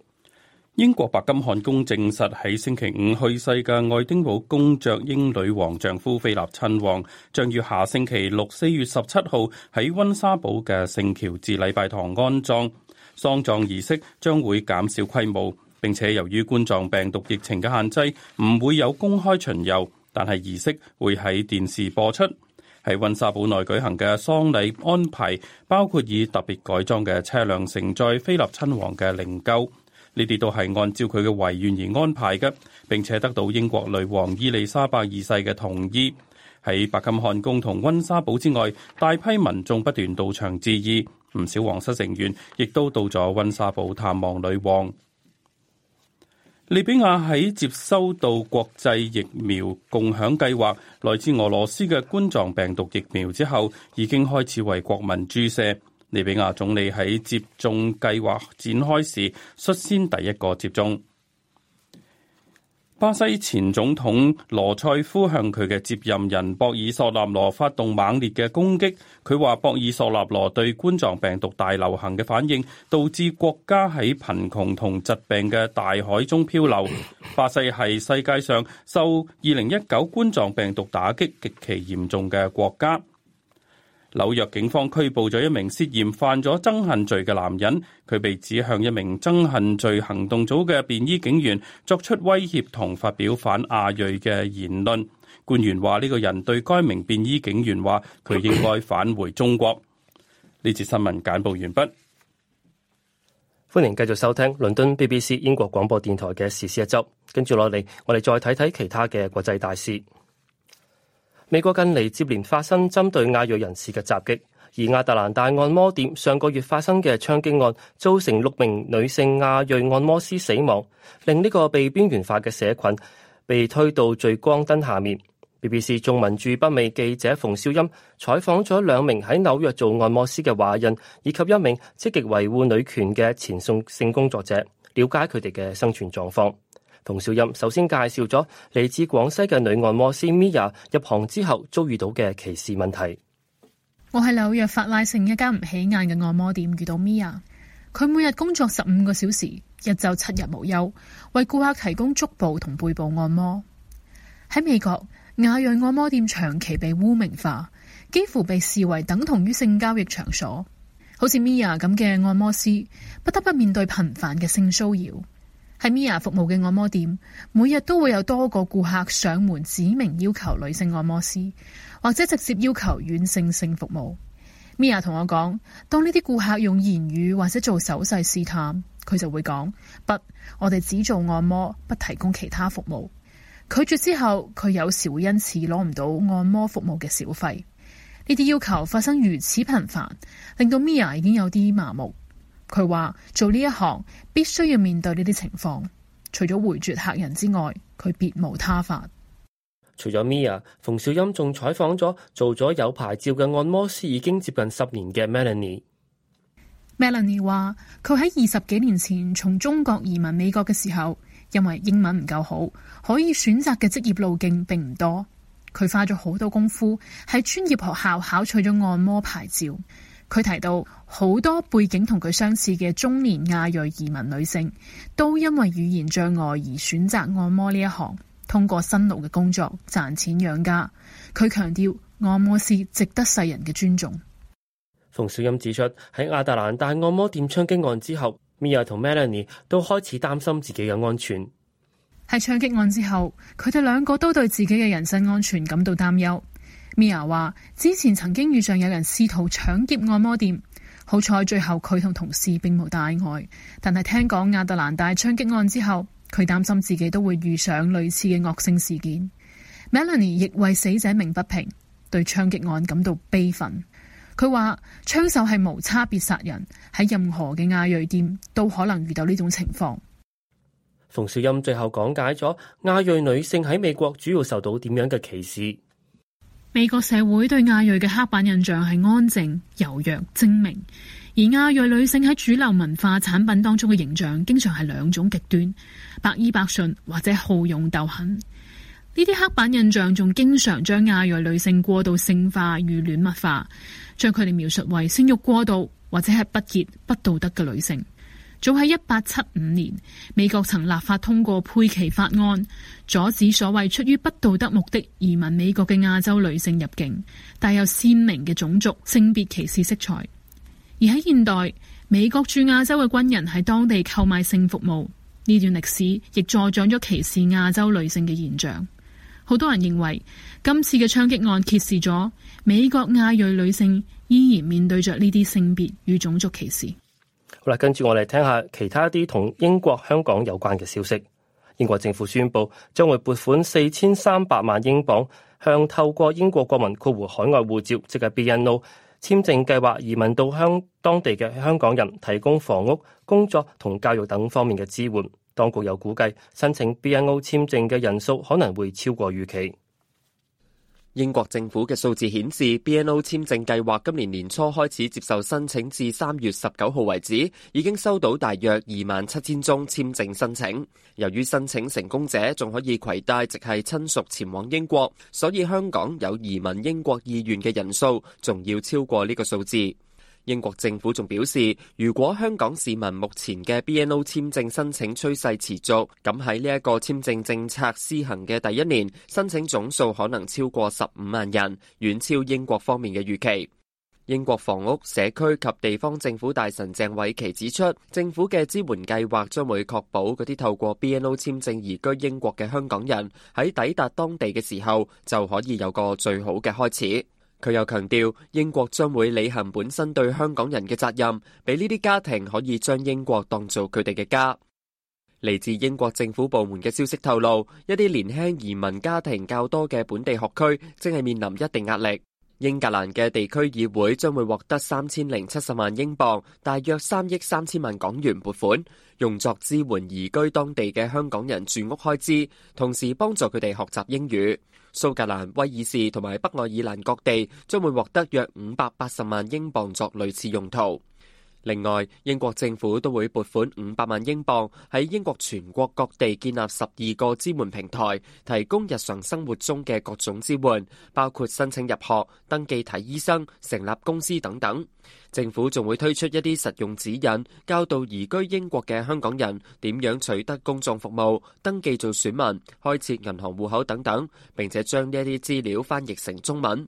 英國白金漢宮證實喺星期五去世嘅愛丁堡公爵英女王丈夫菲臘親王，將於下星期六四月十七號喺温莎堡嘅聖喬治禮拜堂安葬，喪葬儀式將會減少規模。並且由於冠狀病毒疫情嘅限制，唔會有公開巡遊，但係儀式會喺電視播出。喺温莎堡內舉行嘅喪禮安排，包括以特別改裝嘅車輛承載菲臘親王嘅靈柩，呢啲都係按照佢嘅遺願而安排嘅，並且得到英國女王伊麗莎白二世嘅同意。喺白金漢宮同温莎堡之外，大批民眾不斷到場致意，唔少皇室成員亦都到咗温莎堡探望女王。利比亞喺接收到國際疫苗共享計劃來自俄羅斯嘅冠狀病毒疫苗之後，已經開始為國民注射。利比亞總理喺接種計劃展開時率先第一個接種。巴西前總統羅塞夫向佢嘅接任人博爾索納羅發動猛烈嘅攻擊。佢話：博爾索納羅對冠狀病毒大流行嘅反應，導致國家喺貧窮同疾病嘅大海中漂流。巴西係世界上受二零一九冠狀病毒打擊極其嚴重嘅國家。紐約警方拘捕咗一名涉嫌犯咗憎恨罪嘅男人，佢被指向一名憎恨罪行動組嘅便衣警員作出威脅同發表反亞裔嘅言論。官員話呢個人對該名便衣警員話佢應該返回中國。呢節新聞簡報完畢，歡迎繼續收聽倫敦 BBC 英國廣播電台嘅時事一周，跟住落嚟我哋再睇睇其他嘅國際大事。美國近嚟接連發生針對亞裔人士嘅襲擊，而亞特蘭大按摩店上個月發生嘅槍擊案，造成六名女性亞裔按摩師死亡，令呢個被邊緣化嘅社群被推到聚光燈下面。BBC 中文駐北美記者馮少音採訪咗兩名喺紐約做按摩師嘅華人，以及一名積極維護女權嘅前送性工作者，了解佢哋嘅生存狀況。同小任首先介紹咗嚟自廣西嘅女按摩師 Mia 入行之後遭遇到嘅歧視問題。我喺紐約法拉盛一間唔起眼嘅按摩店遇到 Mia，佢每日工作十五個小時，一周七日無休，為顧客提供足部同背部按摩。喺美國，亞裔按摩店長期被污名化，幾乎被視為等同於性交易場所。好似 Mia 咁嘅按摩師，不得不面對頻繁嘅性騷擾。喺 Mia 服務嘅按摩店，每日都會有多個顧客上門指明要求女性按摩師，或者直接要求軟性性服務。Mia 同我講，當呢啲顧客用言語或者做手勢試探，佢就會講：不，我哋只做按摩，不提供其他服務。拒絕之後，佢有時會因此攞唔到按摩服務嘅小費。呢啲要求發生如此頻繁，令到 Mia 已經有啲麻木。佢話做呢一行必須要面對呢啲情況，除咗回絕客人之外，佢別無他法。除咗 Mia，馮小音仲採訪咗做咗有牌照嘅按摩師已經接近十年嘅 Melanie。Melanie 話佢喺二十幾年前從中國移民美國嘅時候，因為英文唔夠好，可以選擇嘅職業路徑並唔多。佢花咗好多功夫喺專業學校考取咗按摩牌照。佢提到，好多背景同佢相似嘅中年亞裔移民女性，都因為語言障礙而選擇按摩呢一行，通過辛勞嘅工作賺錢養家。佢強調，按摩是值得世人嘅尊重。馮小音指出，喺亞特蘭大按摩店槍擊案之後，Mia 同 Melanie 都開始擔心自己嘅安全。喺槍擊案之後，佢哋兩個都對自己嘅人身安全感到擔憂。Mia 話：之前曾經遇上有人試圖搶劫按摩店，好彩最後佢同同事並冇大礙。但係聽講亞特蘭大槍擊案之後，佢擔心自己都會遇上類似嘅惡性事件。Melanie 亦為死者鳴不平，對槍擊案感到悲憤。佢話槍手係無差別殺人，喺任何嘅亞裔店都可能遇到呢種情況。馮兆音最後講解咗亞裔女性喺美國主要受到點樣嘅歧視。美國社會對亞裔嘅刻板印象係安靜、柔弱、精明，而亞裔女性喺主流文化產品當中嘅形象，經常係兩種極端：百依百順或者好勇鬥狠。呢啲刻板印象仲經常將亞裔女性過度性化與戀物化，將佢哋描述為性欲過度或者係不潔、不道德嘅女性。早喺一八七五年，美國曾立法通過佩奇法案，阻止所謂出於不道德目的移民美國嘅亞洲女性入境，帶有鮮明嘅種族性別歧視色彩。而喺現代，美國駐亞洲嘅軍人喺當地購買性服務，呢段歷史亦助長咗歧視亞洲女性嘅現象。好多人認為，今次嘅槍擊案揭示咗美國亞裔女性依然面對着呢啲性別與種族歧視。跟住我嚟聽下其他啲同英國香港有關嘅消息。英國政府宣布將會撥款四千三百萬英鎊，向透過英國國民括弧海外護照，即係 BNO 簽證計劃移民到香當地嘅香港人提供房屋、工作同教育等方面嘅支援。當局又估計，申請 BNO 簽證嘅人數可能會超過預期。英國政府嘅數字顯示，BNO 簽證計劃今年年初開始接受申請，至三月十九號為止，已經收到大約二萬七千宗簽證申請。由於申請成功者仲可以攜帶直係親屬前往英國，所以香港有移民英國意願嘅人數仲要超過呢個數字。英國政府仲表示，如果香港市民目前嘅 BNO 簽證申請趨勢持續，咁喺呢一個簽證政策施行嘅第一年，申請總數可能超過十五萬人，遠超英國方面嘅預期。英國房屋社區及地方政府大臣鄭偉琪指出，政府嘅支援計劃將會確保嗰啲透過 BNO 簽證移居英國嘅香港人喺抵達當地嘅時候就可以有個最好嘅開始。佢又強調，英國將會履行本身對香港人嘅責任，俾呢啲家庭可以將英國當做佢哋嘅家。嚟自英國政府部門嘅消息透露，一啲年輕移民家庭較多嘅本地學區，正係面臨一定壓力。英格蘭嘅地區議會將會獲得三千零七十萬英鎊，大約三億三千萬港元撥款，用作支援移居當地嘅香港人住屋開支，同時幫助佢哋學習英語。蘇格蘭、威爾士同埋北愛爾蘭各地將會獲得約五百八十萬英鎊作類似用途。另外，英國政府都會撥款五百萬英鎊，喺英國全國各地建立十二個支援平台，提供日常生活中嘅各種支援，包括申請入學、登記睇醫生、成立公司等等。政府仲會推出一啲實用指引，教導移居英國嘅香港人點樣取得公眾服務、登記做選民、開設銀行戶口等等，並且將呢啲資料翻譯成中文。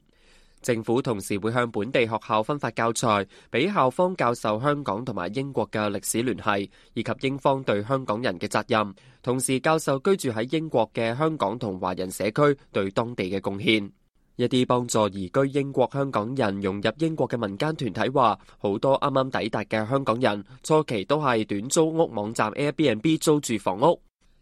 政府同時會向本地學校分發教材，俾校方教授香港同埋英國嘅歷史聯繫，以及英方對香港人嘅責任。同時教授居住喺英國嘅香港同華人社區對當地嘅貢獻。一啲幫助移居英國香港人融入英國嘅民間團體話，好多啱啱抵達嘅香港人初期都係短租屋網站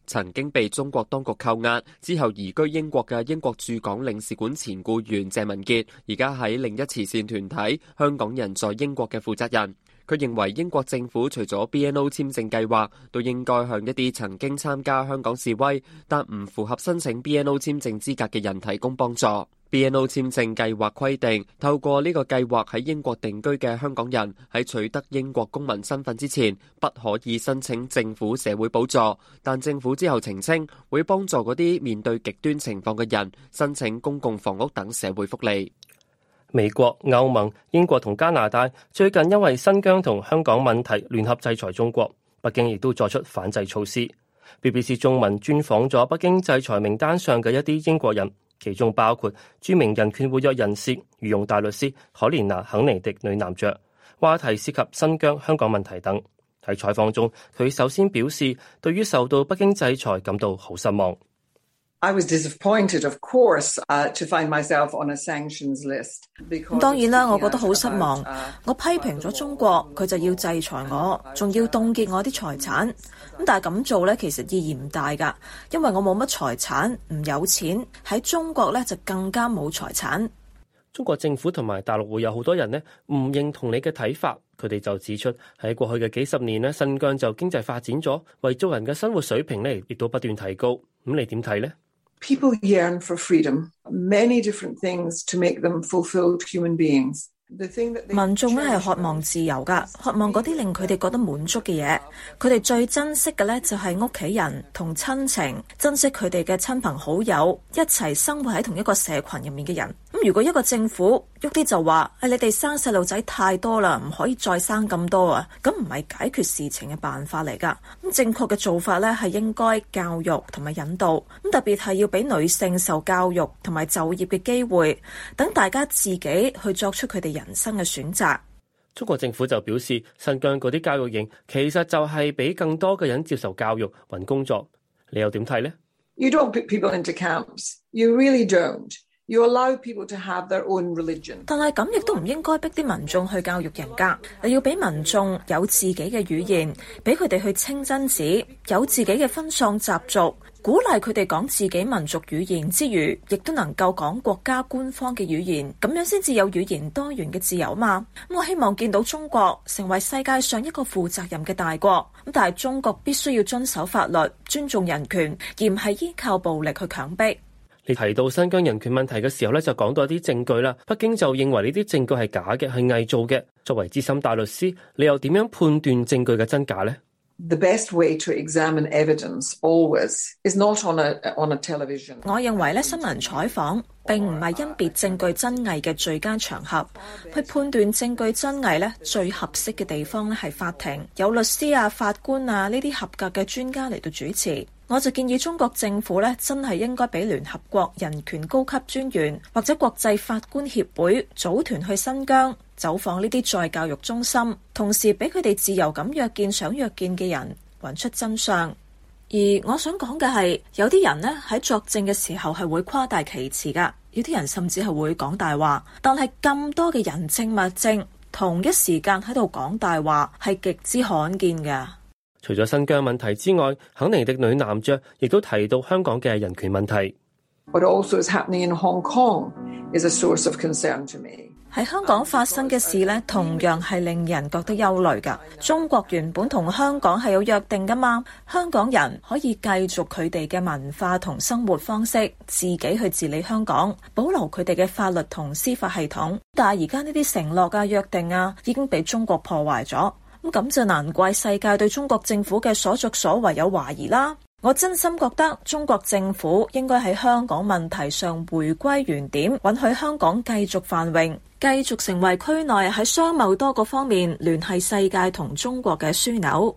曾經被中國當局扣押，之後移居英國嘅英國駐港領事館前僱員鄭文傑，而家喺另一慈善團體香港人在英國嘅負責人，佢認為英國政府除咗 BNO 簽證計劃，都應該向一啲曾經參加香港示威但唔符合申請 BNO 簽證資格嘅人提供幫助。BNO 簽證計劃規定，透過呢個計劃喺英國定居嘅香港人喺取得英國公民身份之前，不可以申請政府社會補助。但政府之後澄清，會幫助嗰啲面對極端情況嘅人申請公共房屋等社會福利。美國、歐盟、英國同加拿大最近因為新疆同香港問題聯合制裁中國，北京亦都作出反制措施。BBC 中文專訪咗北京制裁名單上嘅一啲英國人。其中包括著名人權活躍人士、御用大律師海蓮娜肯尼迪女男爵，話題涉及新疆、香港問題等。喺採訪中，佢首先表示對於受到北京制裁感到好失望。I was disappointed, of course, to find myself on a sanctions list. 咁當然啦，我覺得好失望。我批評咗中國，佢就要制裁我，仲要凍結我啲財產。咁但係咁做咧，其實意義唔大噶，因為我冇乜財產，唔有錢，喺中國咧就更加冇財產。中國政府同埋大陸會有好多人呢，唔認同你嘅睇法，佢哋就指出喺過去嘅幾十年呢，新疆就經濟發展咗，維族人嘅生活水平咧亦都不斷提高。咁你點睇咧？民眾咧係渴望自由噶，渴望嗰啲令佢哋覺得滿足嘅嘢。佢哋最珍惜嘅咧就係屋企人同親情，珍惜佢哋嘅親朋好友一齊生活喺同一個社群入面嘅人。咁如果一個政府喐啲就話，誒你哋生細路仔太多啦，唔可以再生咁多啊，咁唔係解決事情嘅辦法嚟噶。咁正確嘅做法咧係應該教育同埋引導，咁特別係要俾女性受教育同埋就業嘅機會，等大家自己去作出佢哋人生嘅選擇。中國政府就表示，新疆嗰啲教育營其實就係俾更多嘅人接受教育、揾工作，你又點睇呢？You don't put people into camps. You really don't. You allow people to have their own religion。但係咁亦都唔應該逼啲民眾去教育人格，要俾民眾有自己嘅語言，俾佢哋去清真寺,有自己嘅分喪習俗，鼓勵佢哋講自己民族語言之餘，亦都能夠講國家官方嘅語言，咁樣先至有語言多元嘅自由嘛、嗯。我希望見到中國成為世界上一個負責任嘅大國，但係中國必須要遵守法律，尊重人權，而唔係依靠暴力去強迫。你提到新疆人權問題嘅時候咧，就講到一啲證據啦。北京就認為呢啲證據係假嘅，係偽造嘅。作為資深大律師，你又點樣判斷證據嘅真假呢？The best way to examine evidence always is not on a on a television。我認為咧，新聞採訪並唔係甄別證據真偽嘅最佳場合。去判斷證據真偽咧，最合適嘅地方咧係法庭，有律師啊、法官啊呢啲合格嘅專家嚟到主持。我就建議中國政府呢，真係應該俾聯合國人權高級專員或者國際法官協會組團去新疆走訪呢啲再教育中心，同時俾佢哋自由咁約見想約見嘅人，揾出真相。而我想講嘅係，有啲人呢喺作證嘅時候係會誇大其詞㗎，有啲人甚至係會講大話。但係咁多嘅人證物證同一時間喺度講大話，係極之罕見嘅。除咗新疆問題之外，肯尼迪女男爵亦都提到香港嘅人權問題。喺香港發生嘅事咧，同樣係令人覺得憂慮噶。中國原本同香港係有約定噶嘛，香港人可以繼續佢哋嘅文化同生活方式，自己去治理香港，保留佢哋嘅法律同司法系統。但係而家呢啲承諾啊、約定啊，已經俾中國破壞咗。咁就難怪世界對中國政府嘅所作所為有懷疑啦！我真心覺得中國政府應該喺香港問題上回歸原點，允許香港繼續繁榮，繼續成為區內喺商貿多個方面聯繫世界同中國嘅樞紐。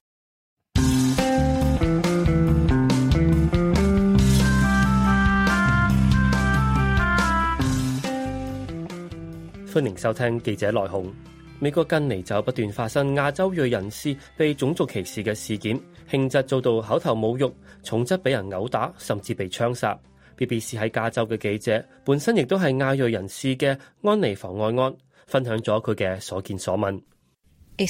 歡迎收聽記者來鴻。美國近嚟就不斷發生亞洲裔人士被種族歧視嘅事件，輕則遭到口頭侮辱，重則俾人毆打，甚至被槍殺。BBC 喺加州嘅記者，本身亦都係亞裔人士嘅安妮房愛安，分享咗佢嘅所見所聞。A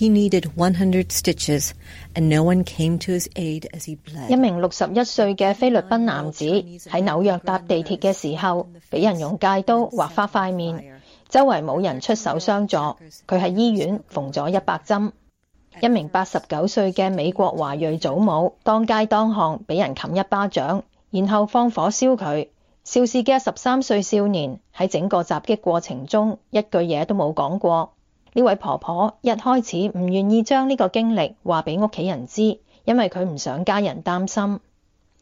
He needed 100 stitches, and no one came to his aid as he bled. 一名六十一歲嘅菲律賓男子喺紐約搭地鐵嘅時候，俾人用戒刀劃花塊面，周圍冇人出手相助。佢喺醫院縫咗一百針。一名八十九歲嘅美國華裔祖母當街當巷俾人冚一巴掌，然後放火燒佢。肇事嘅十三歲少年喺整個襲擊過程中一句嘢都冇講過。呢位婆婆一開始唔願意將呢個經歷話俾屋企人知，因為佢唔想家人擔心。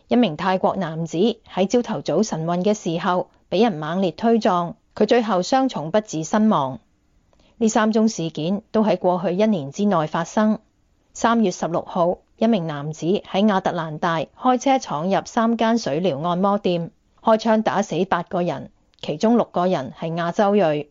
一名泰國男子喺朝頭早晨運嘅時候俾人猛烈推撞，佢最後傷重不治身亡。呢三宗事件都喺過去一年之內發生。三月十六號，一名男子喺亞特蘭大開車闖入三間水療按摩店，開槍打死八個人，其中六個人係亞洲裔。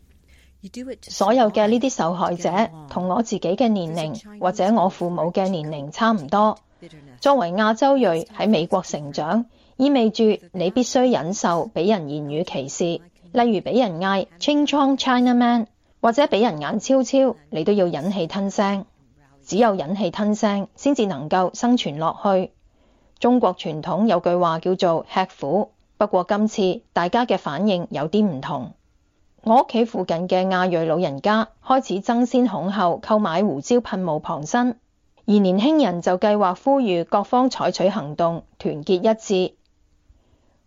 所有嘅呢啲受害者同我自己嘅年齡或者我父母嘅年齡差唔多。作為亞洲裔喺美國成長，意味住你必須忍受俾人言語歧視，例如俾人嗌 Ching Chong Chinaman，或者俾人眼超超，你都要忍氣吞聲。只有忍氣吞聲，先至能夠生存落去。中國傳統有句話叫做吃苦，不過今次大家嘅反應有啲唔同。我屋企附近嘅亞裔老人家開始爭先恐後購買胡椒噴霧傍身，而年輕人就計劃呼籲各方採取行動，團結一致。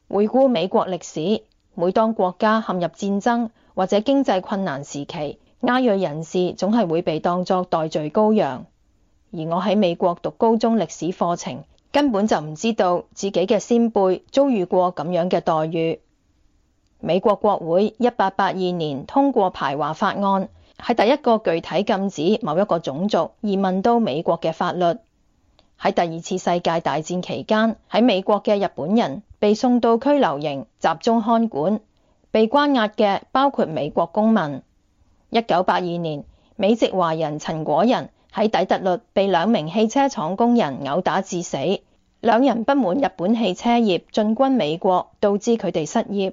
回顧美國歷史，每當國家陷入戰爭或者經濟困難時期，亞裔人士總係會被當作代罪羔羊。而我喺美國讀高中歷史課程，根本就唔知道自己嘅先輩遭遇過咁樣嘅待遇。美國國會一八八二年通過排華法案，係第一個具體禁止某一個種族移民到美國嘅法律。喺第二次世界大戰期間，喺美國嘅日本人被送到拘留營集中看管，被關押嘅包括美國公民。一九八二年，美籍華人陳果仁喺底特律被兩名汽車廠工人毆打致死，兩人不滿日本汽車業進軍美國，導致佢哋失業。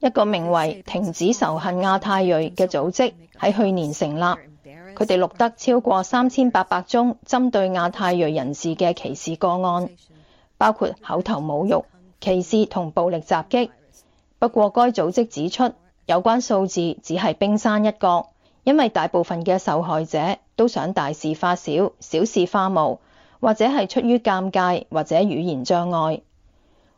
一個名為停止仇恨亞太裔嘅組織喺去年成立，佢哋錄得超過三千八百宗針對亞太裔人士嘅歧視個案，包括口頭侮辱、歧視同暴力襲擊。不過，該組織指出，有關數字只係冰山一角，因為大部分嘅受害者都想大事化小、小事化無，或者係出於尷尬或者語言障礙。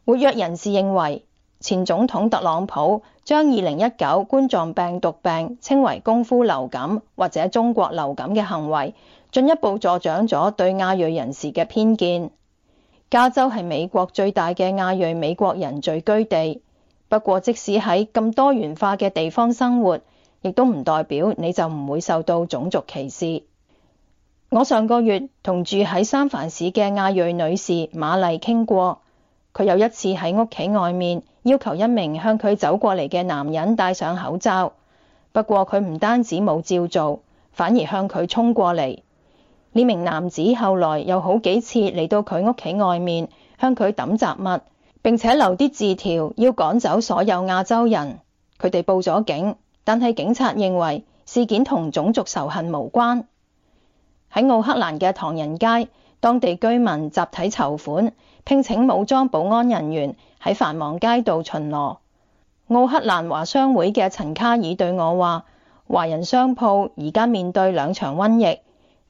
活躍人士認為，前總統特朗普將二零一九冠狀病毒病稱為功夫流感或者中國流感嘅行為，進一步助長咗對亞裔人士嘅偏見。加州係美國最大嘅亞裔美國人聚居地，不過即使喺咁多元化嘅地方生活，亦都唔代表你就唔會受到種族歧視。我上個月同住喺三藩市嘅亞裔女士瑪麗傾過，佢有一次喺屋企外面。要求一名向佢走過嚟嘅男人戴上口罩，不過佢唔單止冇照做，反而向佢衝過嚟。呢名男子後來又好幾次嚟到佢屋企外面，向佢抌雜物，並且留啲字條要趕走所有亞洲人。佢哋報咗警，但係警察認為事件同種族仇恨無關。喺奧克蘭嘅唐人街，當地居民集體籌款。聘請武裝保安人員喺繁忙街道巡邏。奧克蘭華商會嘅陳卡爾對我話，華人商鋪而家面對兩場瘟疫，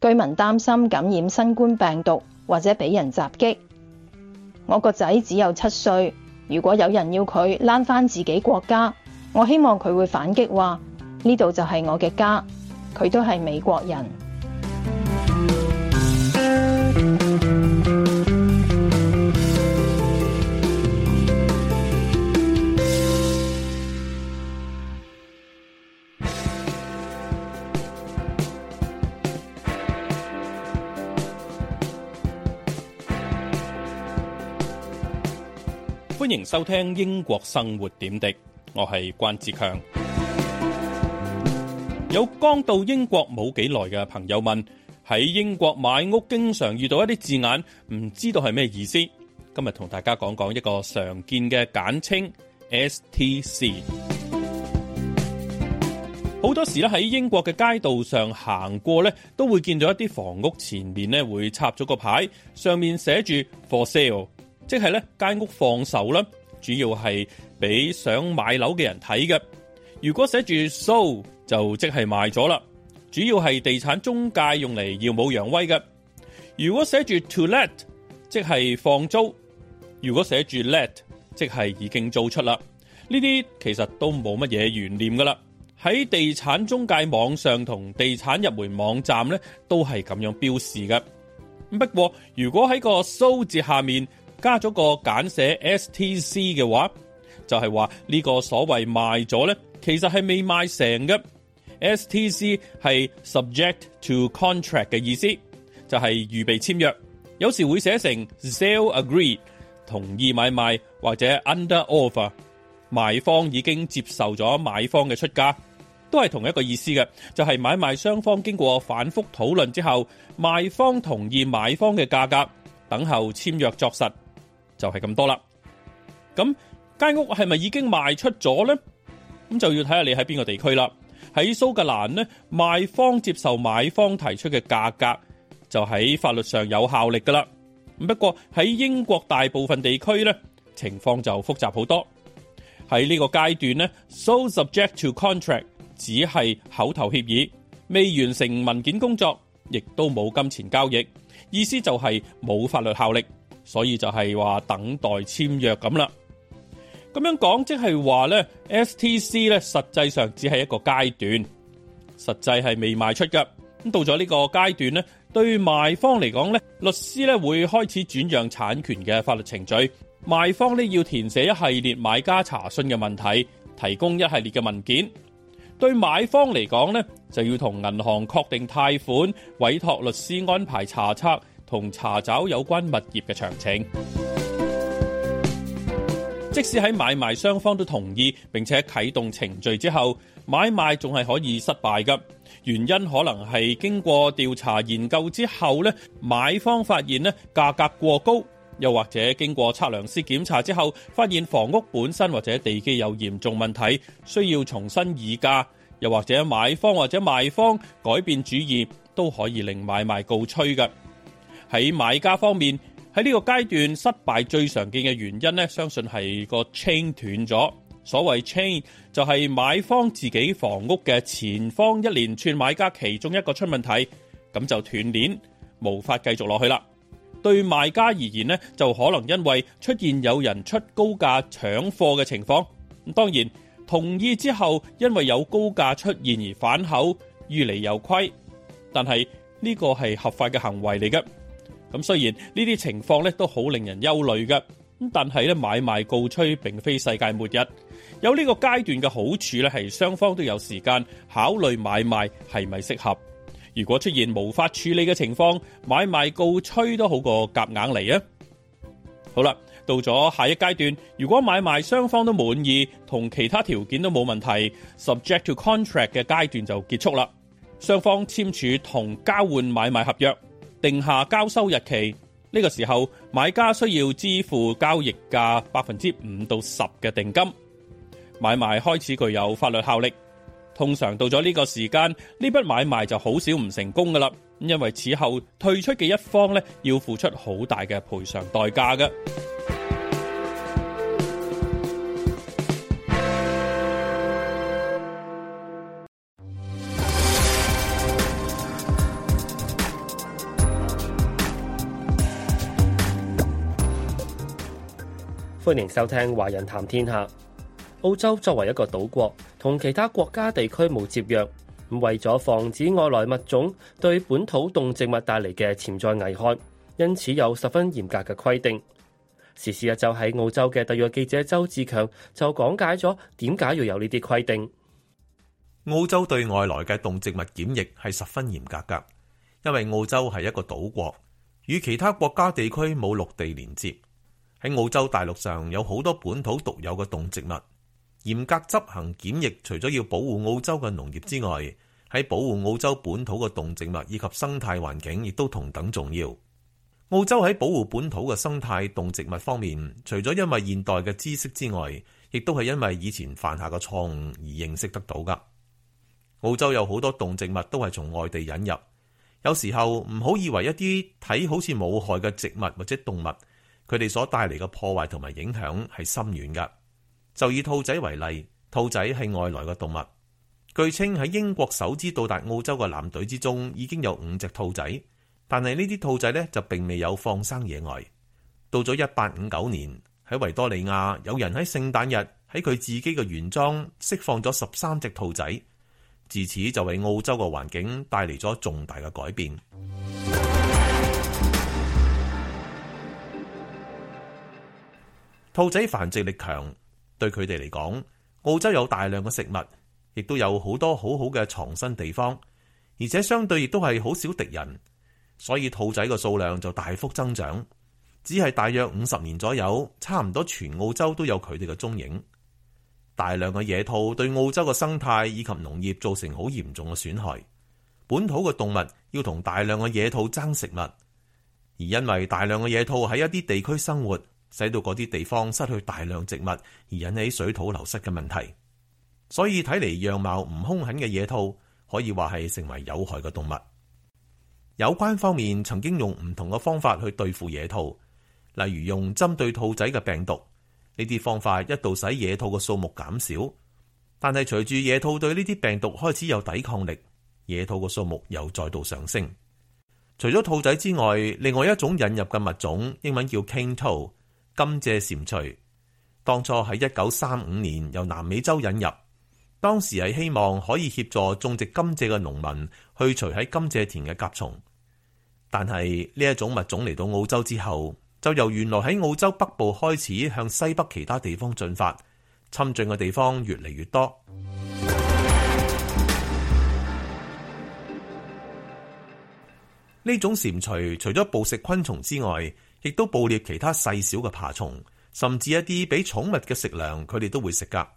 居民擔心感染新冠病毒或者俾人襲擊。我個仔只有七歲，如果有人要佢翻翻自己國家，我希望佢會反擊，話呢度就係我嘅家，佢都係美國人。歡迎收聽英國生活點滴，我係關志強。有剛到英國冇幾耐嘅朋友問喺英國買屋，經常遇到一啲字眼，唔知道係咩意思。今日同大家講講一個常見嘅簡稱 STC。好多時咧，喺英國嘅街道上行過呢，都會見到一啲房屋前面呢，會插咗個牌，上面寫住 For Sale。即係咧，間屋放售啦，主要係俾想買樓嘅人睇嘅。如果寫住 so，就即係賣咗啦。主要係地產中介用嚟耀武揚威嘅。如果寫住 to let，即係放租；如果寫住 let，即係已經做出啦。呢啲其實都冇乜嘢懸念噶啦。喺地產中介網上同地產入門網站咧，都係咁樣標示嘅。不過如果喺個 so 字下面，加咗個簡寫 STC 嘅話，就係話呢個所謂賣咗呢，其實係未賣成嘅。STC 係 subject to contract 嘅意思，就係預備簽約。有時會寫成 sale agreed，同意買賣或者 under offer，賣方已經接受咗買方嘅出價，都係同一個意思嘅，就係買賣雙方經過反復討論之後，賣方同意買方嘅價格，等候簽約作實。就係咁多啦，咁間屋係咪已經賣出咗呢？咁就要睇下你喺邊個地區啦。喺蘇格蘭咧，賣方接受買方提出嘅價格就喺法律上有效力噶啦。不過喺英國大部分地區呢，情況就複雜好多。喺呢個階段呢，so subject to contract 只係口頭協議，未完成文件工作，亦都冇金錢交易，意思就係冇法律效力。所以就係話等待簽約咁啦，咁樣講即係話咧，STC 呢，實際上只係一個階段，實際係未賣出噶。咁到咗呢個階段呢，對賣方嚟講呢，律師呢會開始轉讓產權嘅法律程序，賣方呢要填寫一系列買家查詢嘅問題，提供一系列嘅文件。對買方嚟講呢，就要同銀行確定貸款，委託律師安排查冊。同查找有關物業嘅詳情。即使喺買賣雙方都同意，並且啟動程序之後，買賣仲係可以失敗㗎。原因可能係經過調查研究之後呢，買方發現咧價格過高，又或者經過測量師檢查之後，發現房屋本身或者地基有嚴重問題，需要重新議價，又或者買方或者賣方改變主意，都可以令買賣告吹㗎。喺買家方面，喺呢個階段失敗最常見嘅原因呢，相信係個 chain 斷咗。所謂 chain 就係買方自己房屋嘅前方一連串買家其中一個出問題，咁就斷鏈，無法繼續落去啦。對賣家而言呢，就可能因為出現有人出高價搶貨嘅情況。咁當然同意之後，因為有高價出現而反口，於嚟又虧。但係呢個係合法嘅行為嚟嘅。咁雖然呢啲情況咧都好令人憂慮嘅，咁但係咧買賣告吹並非世界末日。有呢個階段嘅好處咧，係雙方都有時間考慮買賣係咪適合。如果出現無法處理嘅情況，買賣告吹都好過夾硬嚟啊！好啦，到咗下一階段，如果買賣雙方都滿意，同其他條件都冇問題，subject to contract 嘅階段就結束啦。雙方簽署同交換買賣合約。定下交收日期，呢、這個時候買家需要支付交易價百分之五到十嘅定金，買賣開始具有法律效力。通常到咗呢個時間，呢筆買賣就好少唔成功噶啦，因為此後退出嘅一方呢，要付出好大嘅賠償代價㗎。歡迎收聽《華人談天下》。澳洲作為一個島國，同其他國家地區冇接壤，為咗防止外來物種對本土動植物帶嚟嘅潛在危害，因此有十分嚴格嘅規定。時事一周喺澳洲嘅特約記者周志強就講解咗點解要有呢啲規定。澳洲對外來嘅動植物檢疫係十分嚴格㗎，因為澳洲係一個島國，與其他國家地區冇陸地連接。喺澳洲大陸上有好多本土獨有嘅動植物，嚴格執行檢疫，除咗要保護澳洲嘅農業之外，喺保護澳洲本土嘅動植物以及生態環境，亦都同等重要。澳洲喺保護本土嘅生態動植物方面，除咗因為現代嘅知識之外，亦都係因為以前犯下嘅錯誤而認識得到㗎。澳洲有好多動植物都係從外地引入，有時候唔好以為一啲睇好似冇害嘅植物或者動物。佢哋所帶嚟嘅破壞同埋影響係深遠嘅。就以兔仔為例，兔仔係外來嘅動物。據稱喺英國首支到達澳洲嘅艦隊之中，已經有五隻兔仔，但係呢啲兔仔呢就並未有放生野外。到咗一八五九年，喺維多利亞，有人喺聖誕日喺佢自己嘅莊園釋放咗十三隻兔仔，自此就為澳洲嘅環境帶嚟咗重大嘅改變。兔仔繁殖力強，對佢哋嚟講，澳洲有大量嘅食物，亦都有好多好好嘅藏身地方，而且相對亦都係好少敵人，所以兔仔嘅數量就大幅增長。只係大約五十年左右，差唔多全澳洲都有佢哋嘅蹤影。大量嘅野兔對澳洲嘅生態以及農業造成好嚴重嘅損害。本土嘅動物要同大量嘅野兔爭食物，而因為大量嘅野兔喺一啲地區生活，使到嗰啲地方失去大量植物，而引起水土流失嘅問題。所以睇嚟樣貌唔凶狠嘅野兔，可以話係成為有害嘅動物。有關方面曾經用唔同嘅方法去對付野兔，例如用針對兔仔嘅病毒，呢啲方法一度使野兔嘅數目減少。但係隨住野兔對呢啲病毒開始有抵抗力，野兔嘅數目又再度上升。除咗兔仔之外，另外一種引入嘅物種，英文叫 cane toad。甘蔗蟾蜍當初喺一九三五年由南美洲引入，當時係希望可以協助種植甘蔗嘅農民去除喺甘蔗田嘅甲蟲。但係呢一種物種嚟到澳洲之後，就由原來喺澳洲北部開始向西北其他地方進發，侵佔嘅地方越嚟越多。呢種蟾蜍除咗捕食昆蟲之外，亦都捕獵其他細小嘅爬蟲，甚至一啲俾寵物嘅食糧，佢哋都會食噶。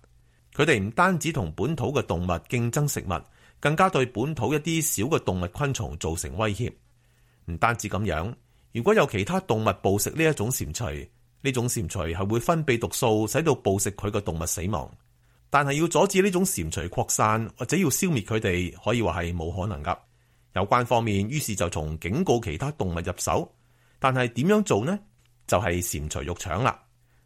佢哋唔單止同本土嘅動物競爭食物，更加對本土一啲小嘅動物昆蟲造成威脅。唔單止咁樣，如果有其他動物捕食呢一種蟾蜍，呢種蟾蜍係會分泌毒素，使到捕食佢嘅動物死亡。但係要阻止呢種蟾蜍擴散，或者要消滅佢哋，可以話係冇可能噶。有關方面，於是就從警告其他動物入手。但係點樣做呢？就係蟾蜍肉腸啦。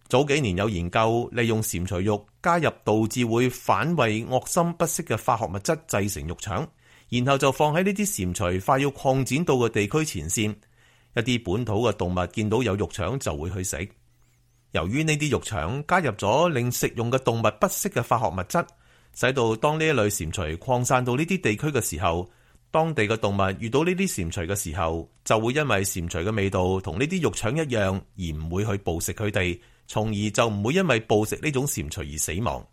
早幾年有研究，利用蟾蜍肉加入導致會反胃、惡心、不適嘅化學物質，製成肉腸，然後就放喺呢啲蟾蜍快要擴展到嘅地區前線。一啲本土嘅動物見到有肉腸就會去食。由於呢啲肉腸加入咗令食用嘅動物不適嘅化學物質，使到當呢一類蟾蜍擴散到呢啲地區嘅時候，當地嘅動物遇到呢啲蟾蜍嘅時候，就會因為蟾蜍嘅味道同呢啲肉腸一樣，而唔會去捕食佢哋，從而就唔會因為捕食呢種蟾蜍而死亡。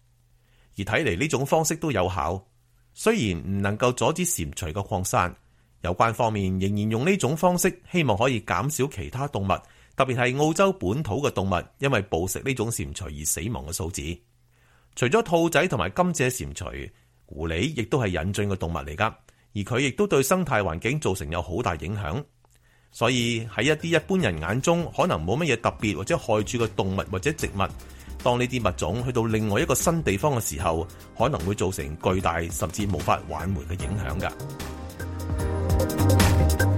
而睇嚟呢種方式都有效，雖然唔能夠阻止蟾蜍嘅擴散，有關方面仍然用呢種方式，希望可以減少其他動物，特別係澳洲本土嘅動物，因為捕食呢種蟾蜍而死亡嘅數字。除咗兔仔同埋甘蔗蟾蜍，狐狸亦都係引進嘅動物嚟噶。而佢亦都對生態環境造成有好大影響，所以喺一啲一般人眼中，可能冇乜嘢特別或者害處嘅動物或者植物，當呢啲物種去到另外一個新地方嘅時候，可能會造成巨大甚至無法挽回嘅影響㗎。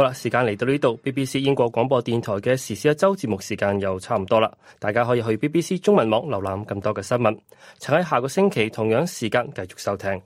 好啦，時間嚟到呢度，BBC 英國廣播電台嘅時事一周節目時間又差唔多啦，大家可以去 BBC 中文網瀏覽更多嘅新聞。請喺下個星期同樣時間繼續收聽。